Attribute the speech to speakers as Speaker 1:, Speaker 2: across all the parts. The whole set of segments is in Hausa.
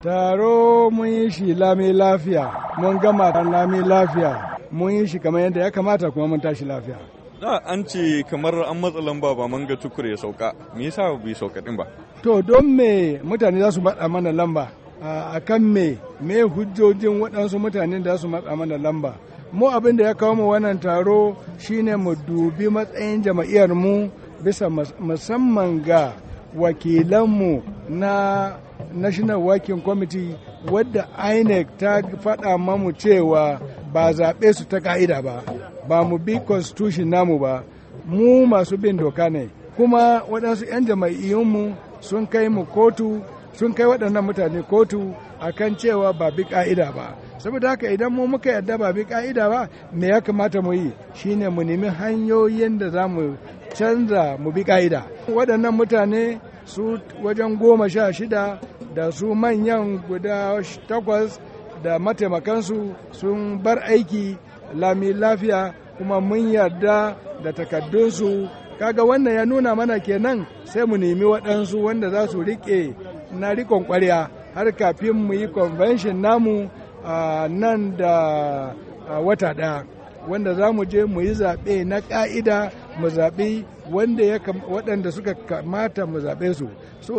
Speaker 1: Taro mun yi shi lami lafiya, mun gama lami lafiya, mun yi shi kamar yadda ya kamata kuma mun tashi lafiya.
Speaker 2: Da an ce kamar an matsa lamba ba manga tukur ya sauka, me yasa bai sauka din ba?
Speaker 1: To don me mutane za su matsa mana lamba? A kan me me hujjojin waɗansu mutanen da su matsa mana lamba? Mu abin da ya kawo mu wannan taro shine mu dubi matsayin jama'iyyar mu bisa musamman ga wakilanmu na national working committee wadda inec ta faɗa mamu cewa ba zaɓe su ta ka'ida ba ba mu bi constitution namu ba mu masu bin doka ne kuma waɗansu 'yan jama'iyyunmu sun kai mu kotu sun kai waɗannan mutane kotu akan cewa ba bi ka'ida ba saboda haka idan mu muka yarda ba bi ka'ida ba me ya kamata mu yi shine mu nemi hanyoyin da za mu canza mu bi ka'ida waɗannan mutane su wajen goma sha shida da su manyan guda takwas da mataimakansu sun bar aiki lami lafiya kuma mun yarda da takaddunsu kaga wannan ya nuna mana kenan sai mu nemi waɗansu wanda za su riƙe na rikon ƙwarya har kafin mu yi convention namu a nan da wata ɗaya wanda za mu je mu yi zaɓe na ƙa'ida mu zaɓi wanda ya waɗanda suka kamata mu zaɓe su so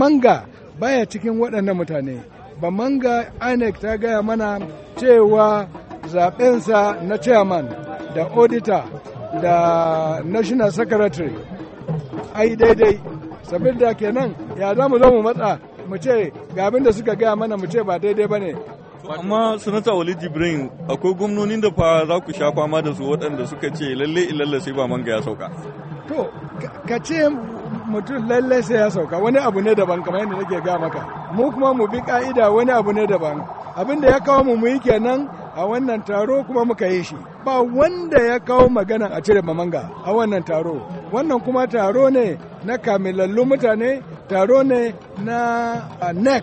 Speaker 1: manga baya cikin waɗannan mutane ba manga inec ta gaya mana cewa zaɓensa na chairman da auditor da national secretary ai daidai sabida kenan ya za mu zo mu matsa mu ce ga abin da suka gaya mana mu ce ba daidai ba ne
Speaker 2: Amma sanata Walid Jibrin akwai gwamnonin da fa za ku sha fama da su waɗanda suka ce lalle ilalla sai ba manga ya sauka.
Speaker 1: To ka ce mutum lalle sai ya sauka wani abu ne daban kamar yadda nake ga maka. Mu kuma mu bi ka'ida wani abu ne daban. Abin da ya kawo mu mu yi kenan a wannan taro kuma muka yi shi ba wanda ya kawo magana a cire mamanga a wannan taro wannan kuma taro ne na kamilallu mutane taro ne na nec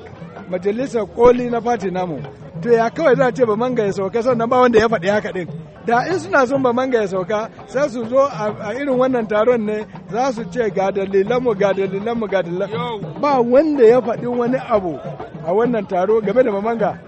Speaker 1: majalisar koli na fati namu to ya kawai za a ce ba manga ya sauka sannan ba wanda ya faɗi haka ɗin da in suna son ba manga ya sauka sai su zo a irin wannan taron ne za su ce ga dalilanmu ga dalilanmu ga dalilan ba wanda ya faɗi wani abu a wannan taro game da ba manga.